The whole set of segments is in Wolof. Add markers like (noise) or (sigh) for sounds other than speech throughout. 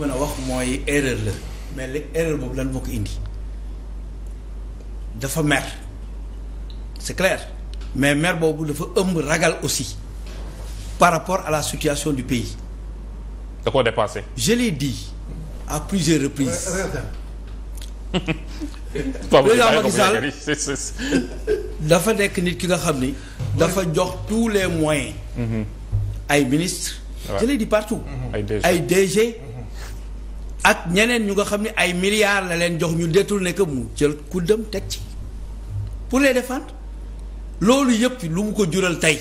ci a wax mooy erreur la mais li erreur boobu lan moo ko indi dafa mer c'est clair mais mer boobu dafa ëmb ragal aussi par rapport à la situation du pays. da koo dépassé. je l'ai dit à plusieurs reprises. Euh, (laughs) président Macky Sall (laughs) dafa nekk nit ki nga xam ni. dafa jox tous les moyens. Mhm. ay ministres. je l'ai partout. ay DG ak ñeneen ñu nga xam ne ay milliards la leen jox ñu détourné que mu jël ku dem teg ci pour les défendre loolu yëpp lu mu ko jural tey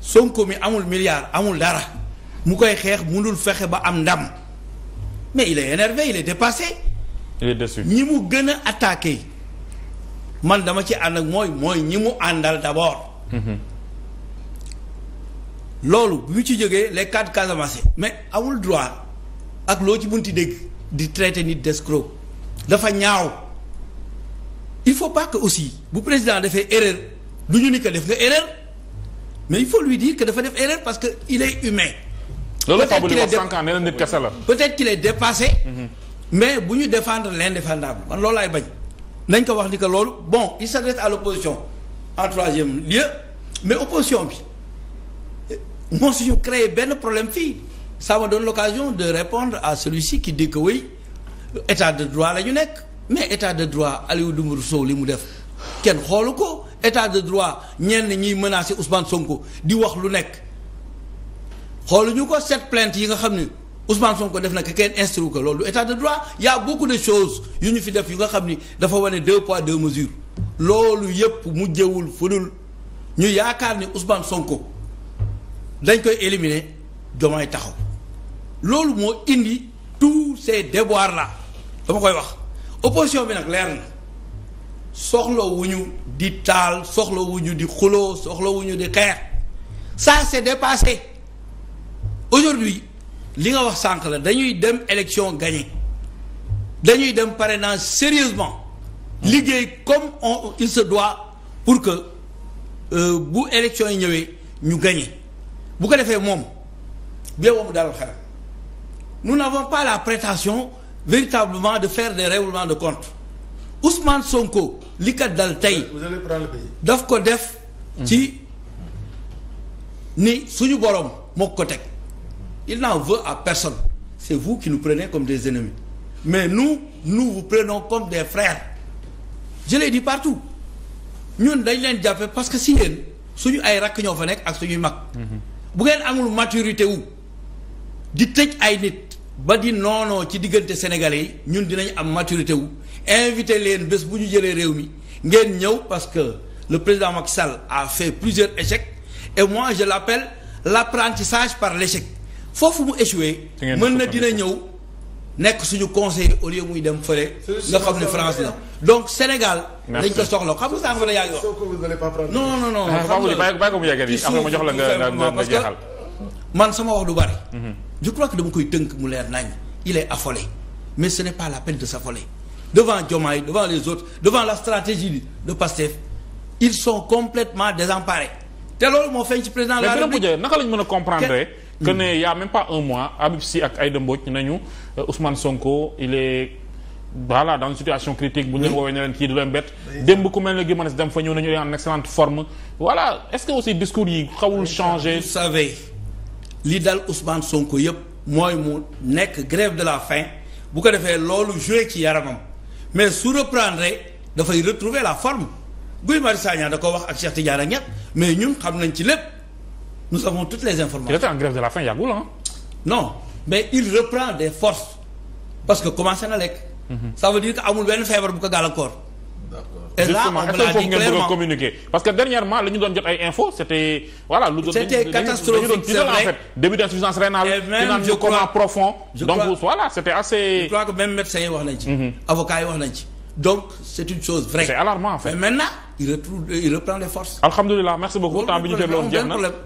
Sonko mi amul milliard amul dara mu koy xeex mënul fexe ba am ndam mais il est énervé il ñi mu gën a attaqué man dama ci ànd ak mooy mooy ñi mu àndal d'abord. Mhm. loolu bu mu ci jógee les quatre Casamance mais awul droit. ak loo ci munti dégg di traité nit d'escroc dafa ñaaw il faut pas que aussi bu président defee erreur du ñu ni que def nga erreur mais il faut lui dire que dafa def erreur parce que il est humain. peut-être qu'il est dé... peut-être qu'il est dépassé. Mhm. mais bu ñu défendre l'indéfendable man loolu laay bañ nañ ko wax ni que loolu bon il s'adresse à l'opposition en troisième lieu mais opposition bi euh, moo ñu créer benn problème fii. ça me donne de répondre à celui-ci qui dit que état de droit la ñu nekk mais état de droit Aliou Dembourou Sow li mu def kenn xoolu ko état de droit ñenn ñiy menacer Ousmane Sonko di wax lu nekk ñu ko set plainte yi nga xam ne Ousmane Sonko def na ko kenn instru ko loolu état de droit il y a beaucoup de choses yu ñu fi def yu nga xam ni dafa wane deux poids deux mesures loolu yépp mujjewul dul ñu yaakaar ni Ousmane Sonko dañ koy éliminer Diomaye taxaw loolu moo indi tous ces déboires la dama koy wax opposition bi nag leer na ñu di taal soxlawuñu di xuloo soxlawuñu di xeex ça c'est dépassé aujourd'hui li nga wax sànq la dañuy dem élection gagné dañuy dem pare parrainage sérieusement liggéey comme on il se doit pour que euh, bu élection yi ñëwee ñu gagné bu ko defee moom bee moom dalal xelam nous n'avons pas la prétention véritablement de faire des règlements de compte Ousmane Sonko li kat dal tey daf ko def ci ni suñu borom moo ko teg il n'en veut à personne c'est vous qui nous prenez comme des ennemis mais nous nu vous prenons comme des frères je l'ai partout ñun dañ leen jàppe parce que si yéen suñu ay rakk ñoo fa nekk ak su suñuy mag mhm. bu ngeen amul maturité wu di tëj ay nit ba di noonoo ci diggante sénégalais yi ñun dinañ am maturité wu invité leen bés bu ñu jëlee réew mi ngeen ñëw parce que le président Macky Sall a fait plusieurs échecs et moi je l'appelle l'apprentissage par l'échec foofu mu échoué mën na dina ñëw nekk suñu conseil au lieu muy dem fële nga xam ne France la donc Sénégal dañ ko soxla xam nga sànq fa la yaa ngi wax non non non ah, bàyyi ko mu yegg nii après ma jox la nga nga jeexal man sama wax du bari. Mhm. je crois que dama koy tënk mu leer nañ il est affolé mais ce n'est pas la peine de s'affoler devant Diomaye devant les autres devant la stratégie de Pastef ils sont complètement désemparés te loolu moo feeñ ci président la République mais naka lañ mën a comprendre que hmm. ne y même pas un mois Habib Sy ak Aïda Mbodj nañu euh, Ousmane Sonko il est voilà dans une situation critique bu ñu leen woowee ne leen kii du leen bett démb ku mel ne Guimanes yi xawul changer li dal Ousmane Sonko yëpp mooy mu nekk grève de la fin bu ko defee loolu joué ci yaramam mais su reprendre dafay retrouver la forme Guy Marius Sagna da ko wax ak Cheikh Tidiane ak ñett mais ñun xam nañ ci lépp nous avons toutes les informations. il était en grève de la faim yàggul non mais il reprend des forces parce que commencé na lekk. Mm-hmm. ça veut dire que amul benn feebar bu ko gàllankoor. d'accord et là on vous parce que dernièrement la ñu jot ay infos c'était voilà lu doon c'était catastrophique c'est vrai en profond donc voilà c'était assez je crois que même wax nañ ci mhm. avocats wax nañ donc c'est une chose vraie c'est alarmant en fait mais maintenant il reprend les forces alhamdoulilah merci beaucoup temps bi ñu dégloon